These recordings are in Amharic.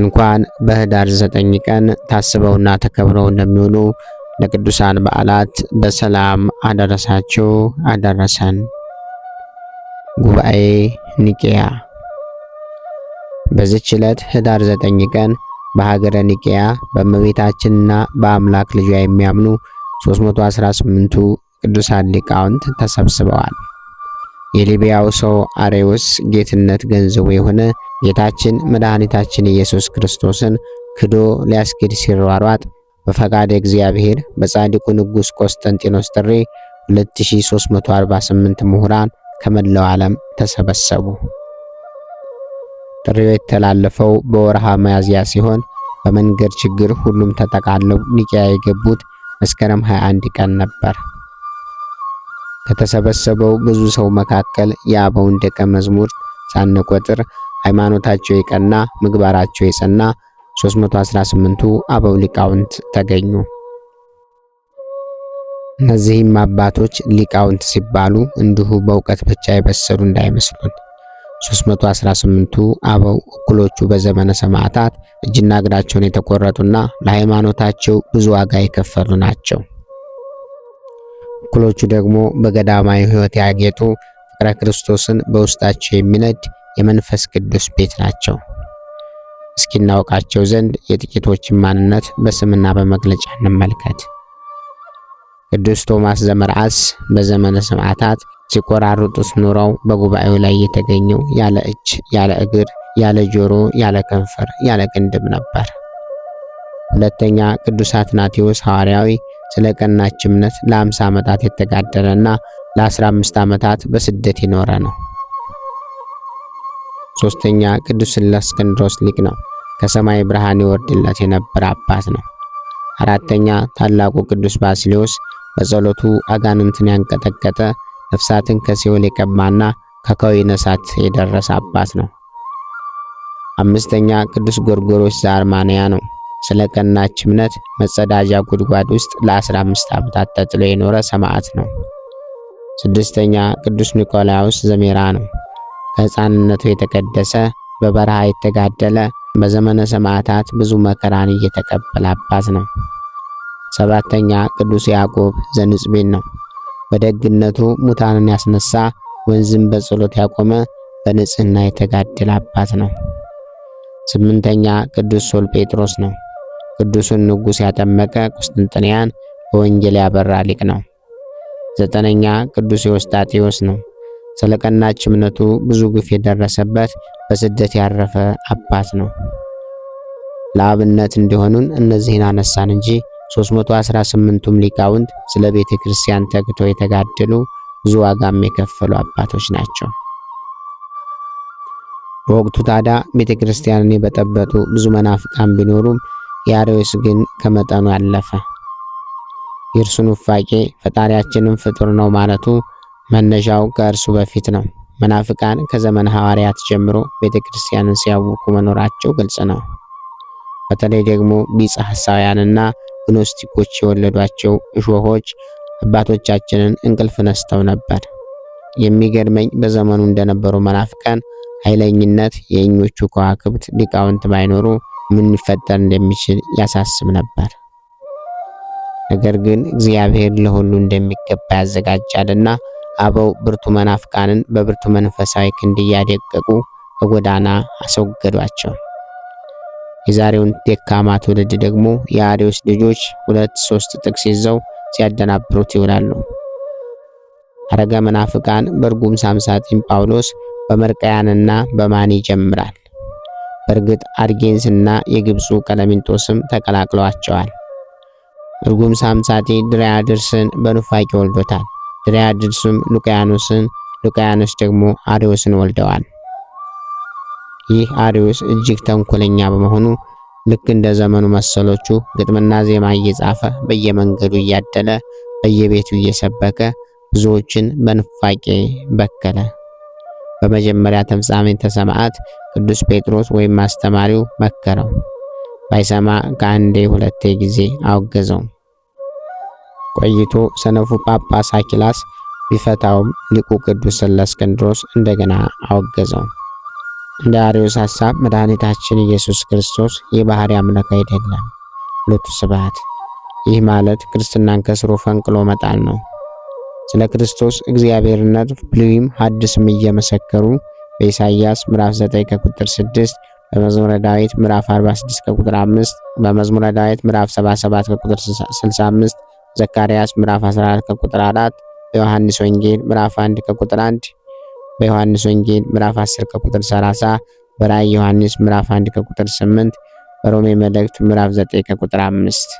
እንኳን በህዳር ዘጠኝ ቀን ታስበውና ተከብረው እንደሚውሉ ለቅዱሳን በዓላት በሰላም አደረሳችሁ አደረሰን። ጉባኤ ኒቄያ። በዚች ዕለት ህዳር ዘጠኝ ቀን በሀገረ ኒቄያ በእመቤታችንና በአምላክ ልጇ የሚያምኑ 318ቱ ቅዱሳን ሊቃውንት ተሰብስበዋል። የሊቢያው ሰው አሬዎስ ጌትነት ገንዘቡ የሆነ ጌታችን መድኃኒታችን ኢየሱስ ክርስቶስን ክዶ ሊያስክድ ሲሯሯጥ በፈቃደ እግዚአብሔር በጻድቁ ንጉሥ ቆስጠንጢኖስ ጥሪ 2348 ምሁራን ከመላው ዓለም ተሰበሰቡ። ጥሪው የተላለፈው በወርሃ ሚያዝያ ሲሆን በመንገድ ችግር ሁሉም ተጠቃለው ኒቂያ የገቡት መስከረም 21 ቀን ነበር። ከተሰበሰበው ብዙ ሰው መካከል የአበውን ደቀ መዝሙር ሳንቆጥር ሃይማኖታቸው የቀና ምግባራቸው የጸና 318ቱ አበው ሊቃውንት ተገኙ። እነዚህም አባቶች ሊቃውንት ሲባሉ እንዲሁ በእውቀት ብቻ የበሰሉ እንዳይመስሉን። 318ቱ አበው እኩሎቹ በዘመነ ሰማዕታት እጅና እግራቸውን የተቆረጡና ለሃይማኖታቸው ብዙ ዋጋ የከፈሉ ናቸው። እኩሎቹ ደግሞ በገዳማዊ ሕይወት ያጌጡ ፍቅረ ክርስቶስን በውስጣቸው የሚነድ የመንፈስ ቅዱስ ቤት ናቸው። እስኪናውቃቸው ዘንድ የጥቂቶችን ማንነት በስምና በመግለጫ እንመልከት። ቅዱስ ቶማስ ዘመርዓስ በዘመነ ሰማዕታት ሲቆራርጡት ኑረው በጉባኤው ላይ የተገኘው ያለ እጅ፣ ያለ እግር፣ ያለ ጆሮ፣ ያለ ከንፈር፣ ያለ ቅንድብ ነበር። ሁለተኛ ቅዱስ አትናቴዎስ ሐዋርያዊ ስለ ቀናች እምነት ለ50 ዓመታት የተጋደለና ለ15 ዓመታት በስደት የኖረ ነው። ሶስተኛ ቅዱስ እለእስክንድሮስ ሊቅ ነው። ከሰማይ ብርሃን ይወርድለት የነበረ አባት ነው። አራተኛ ታላቁ ቅዱስ ባስሊዮስ በጸሎቱ አጋንንትን ያንቀጠቀጠ ነፍሳትን ከሲኦል የቀማና ከአካዊ ነሳት የደረሰ አባት ነው። አምስተኛ ቅዱስ ጎርጎሮስ ዛርማንያ ነው። ስለ ቀናች እምነት መጸዳጃ ጉድጓድ ውስጥ ለ15 ዓመታት ተጥሎ የኖረ ሰማዕት ነው። ስድስተኛ ቅዱስ ኒቆላዎስ ዘሜራ ነው። ከሕፃንነቱ የተቀደሰ በበረሃ የተጋደለ በዘመነ ሰማዕታት ብዙ መከራን እየተቀበለ አባት ነው። ሰባተኛ ቅዱስ ያዕቆብ ዘንጽቤን ነው። በደግነቱ ሙታንን ያስነሳ ወንዝም በጸሎት ያቆመ በንጽህና የተጋደለ አባት ነው። ስምንተኛ ቅዱስ ሶል ጴጥሮስ ነው። ቅዱሱን ንጉሥ ያጠመቀ ቁስጥንጥንያን በወንጌል ያበራ ሊቅ ነው። ዘጠነኛ ቅዱስ ኤዎስጣቴዎስ ነው። ስለ ቀናች እምነቱ ብዙ ግፍ የደረሰበት በስደት ያረፈ አባት ነው። ለአብነት እንዲሆኑን እነዚህን አነሳን እንጂ 318ቱም ሊቃውንት ስለ ቤተ ክርስቲያን ተግተው የተጋደሉ ብዙ ዋጋም የከፈሉ አባቶች ናቸው። በወቅቱ ታዲያ ቤተ ክርስቲያንን የበጠበጡ ብዙ መናፍቃን ቢኖሩም የአርዮስ ግን ከመጠኑ ያለፈ የእርሱን ውፋቄ ፈጣሪያችንን ፍጡር ነው ማለቱ መነሻው ከእርሱ በፊት ነው። መናፍቃን ከዘመን ሐዋርያት ጀምሮ ቤተ ክርስቲያንን ሲያውቁ መኖራቸው ግልጽ ነው። በተለይ ደግሞ ቢጽ ሐሳውያንና ግኖስቲኮች የወለዷቸው እሾሆች አባቶቻችንን እንቅልፍ ነስተው ነበር። የሚገርመኝ በዘመኑ እንደነበሩ መናፍቃን ኃይለኝነት የእኞቹ ከዋክብት ሊቃውንት ባይኖሩ ምን ሊፈጠር እንደሚችል ያሳስብ ነበር። ነገር ግን እግዚአብሔር ለሁሉ እንደሚገባ ያዘጋጃልና አበው ብርቱ መናፍቃንን በብርቱ መንፈሳዊ ክንድ እያደቀቁ ከጎዳና አስወገዷቸው። የዛሬውን ደካማ ትውልድ ደግሞ የአሪዎስ ልጆች ሁለት ሶስት ጥቅስ ይዘው ሲያደናብሩት ይውላሉ። አረገ መናፍቃን በርጉም ሳምሳጢን ጳውሎስ በመርቀያንና በማን ይጀምራል። በእርግጥ አርጌንስና የግብፁ ቀለሚንጦስም ተቀላቅለዋቸዋል። እርጉም ሳምሳጢ ድራያድርስን በኑፋቄ ወልዶታል። ድሪያድስም ሉቃያኖስን፣ ሉቃያኖስ ደግሞ አሪዮስን ወልደዋል። ይህ አሪዮስ እጅግ ተንኮለኛ በመሆኑ ልክ እንደ ዘመኑ መሰሎቹ ግጥምና ዜማ እየጻፈ በየመንገዱ እያደለ በየቤቱ እየሰበከ ብዙዎችን በንፋቄ በከለ። በመጀመሪያ ተፍጻሜተ ሰማዕት ቅዱስ ጴጥሮስ ወይም አስተማሪው መከረው፣ ባይሰማ ከአንዴ ሁለቴ ጊዜ አወገዘው። ቆይቶ ሰነፉ ጳጳስ አኪላስ ቢፈታውም ሊቁ ቅዱስ እለእስክንድሮስ እንደገና አወገዘው። እንደ አሪዮስ ሐሳብ መድኃኒታችን ኢየሱስ ክርስቶስ የባሕርይ አምላክ አይደለም። ሁለቱ ስብሐት። ይህ ማለት ክርስትናን ከስሩ ፈንቅሎ መጣል ነው። ስለ ክርስቶስ እግዚአብሔርነት ብሉይም ሐዲስም እየመሰከሩ በኢሳይያስ ምዕራፍ 9 ከቁጥር 6 በመዝሙረ ዳዊት ምዕራፍ 46 ከቁጥር 5 በመዝሙረ ዳዊት ምዕራፍ 77 ከቁጥር 65 ዘካርያስ ምዕራፍ 14 ከቁጥር 4 በዮሐንስ ወንጌል ምዕራፍ 1 ከቁጥር 1 በዮሐንስ ወንጌል ምዕራፍ 10 ከቁጥር 30 በራእይ ዮሐንስ ምዕራፍ 1 ከቁጥር 8 በሮሜ መልእክት ምዕራፍ 9 ከቁጥር 5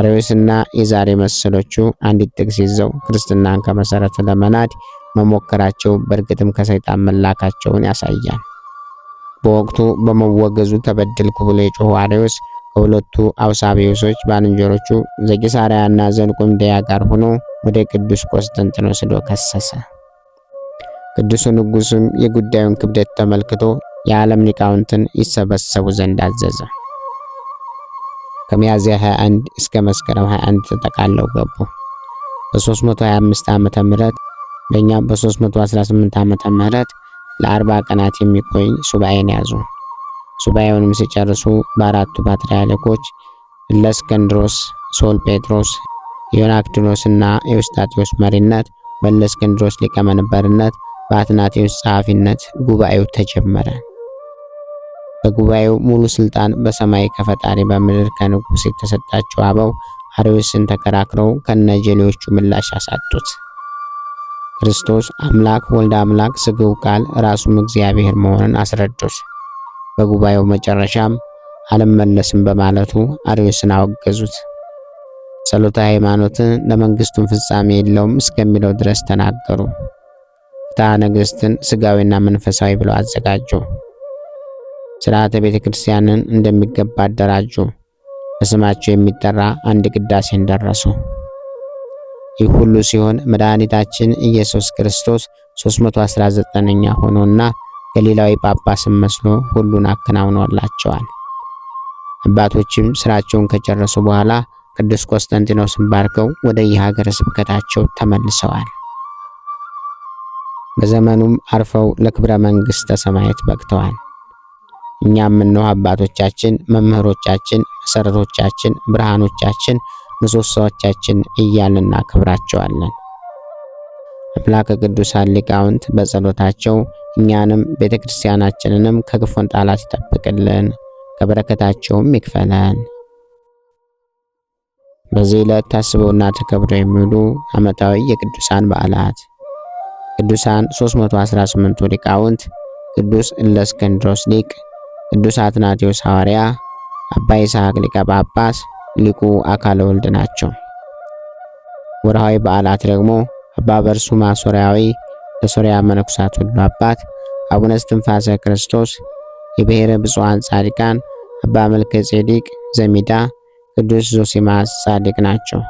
አርዮስና የዛሬ መሰሎቹ አንዲት ጥቅስ ይዘው ክርስትናን ከመሰረቱ ለመናድ መሞከራቸው በእርግጥም ከሰይጣን መላካቸውን ያሳያል። በወቅቱ በመወገዙ ተበደልኩ ብሎ የጮኸው አርዮስ ከሁለቱ አውሳቢዮሶች ባልንጀሮቹ ዘቂሳርያና ዘኒቆምድያ ጋር ሆኖ ወደ ቅዱስ ቆስጠንጢኖስ ሄዶ ከሰሰ። ቅዱሱ ንጉስም የጉዳዩን ክብደት ተመልክቶ የዓለም ሊቃውንትን ይሰበሰቡ ዘንድ አዘዘ። ከሚያዝያ 21 እስከ መስከረም 21 ተጠቃለው ገቡ። በ325 ዓመተ ምህረት በእኛ በ318 ዓመተ ምህረት ለአርባ ቀናት የሚቆይ ሱባኤን ያዙ። ሱባኤውንም ሲጨርሱ በአራቱ ፓትርያርኮች እለእስክንድሮስ፣ ሶልጴጥሮስ፣ ዮናክድኖስ እና ኤዎስጣቴዎስ መሪነት በእለእስክንድሮስ ሊቀመንበርነት በአትናቴዎስ ጸሐፊነት ጉባኤው ተጀመረ። በጉባኤው ሙሉ ስልጣን በሰማይ ከፈጣሪ በምድር ከንጉሥ የተሰጣቸው አበው አርዮስን ተከራክረው ከነጀሌዎቹ ምላሽ አሳጡት። ክርስቶስ አምላክ ወልድ አምላክ ስግው ቃል ራሱም እግዚአብሔር መሆኑን አስረዱት። በጉባኤው መጨረሻም አልመለስም በማለቱ አርዮስን አወገዙት። ጸሎተ ሃይማኖትን ለመንግስቱን ፍጻሜ የለውም እስከሚለው ድረስ ተናገሩ። ፍትሐ ነገሥትን ስጋዊና መንፈሳዊ ብለው አዘጋጁ። ስርዓተ ቤተ ክርስቲያንን እንደሚገባ አደራጁ። በስማቸው የሚጠራ አንድ ቅዳሴን ደረሱ። ይህ ሁሉ ሲሆን መድኃኒታችን ኢየሱስ ክርስቶስ 319ኛ ሆኖና ገሊላዊ ጳጳስም መስሎ ሁሉን አከናውኖላቸዋል። አባቶችም ስራቸውን ከጨረሱ በኋላ ቅዱስ ቆስጠንጢኖስን ባርከው ወደ የሀገረ ስብከታቸው ተመልሰዋል። በዘመኑም አርፈው ለክብረ መንግሥተ ሰማያት በቅተዋል። እኛም እነሆ አባቶቻችን፣ መምህሮቻችን፣ መሰረቶቻችን፣ ብርሃኖቻችን፣ ምሰሶዎቻችን እያልን እናከብራቸዋለን። አምላከ ቅዱሳን ሊቃውንት በጸሎታቸው እኛንም ቤተ ክርስቲያናችንንም ከክፉን ጣላት ይጠብቅልን፣ ከበረከታቸውም ይክፈለን። በዚህ ዕለት ታስበውና ተከብረው የሚውሉ ዓመታዊ የቅዱሳን በዓላት ቅዱሳን 318ቱ ሊቃውንት ቅዱስ እለእስክንድሮስ ሊቅ፣ ቅዱስ አትናቴዎስ ሐዋርያ፣ አባ ይስሐቅ ሊቀ ጳጳስ፣ ሊቁ አካለ ወልድ ናቸው። ወርሃዊ በዓላት ደግሞ አባ በርሱማ ሶርያዊ የሶርያ መነኮሳት ሁሉ አባት፣ አቡነ እስትንፋሰ ክርስቶስ፣ የብሔረ ብፁዓን ጻድቃን አባ መልከ ጼዴቅ ዘሚዳ፣ ቅዱስ ዞሲማስ ጻድቅ ናቸው።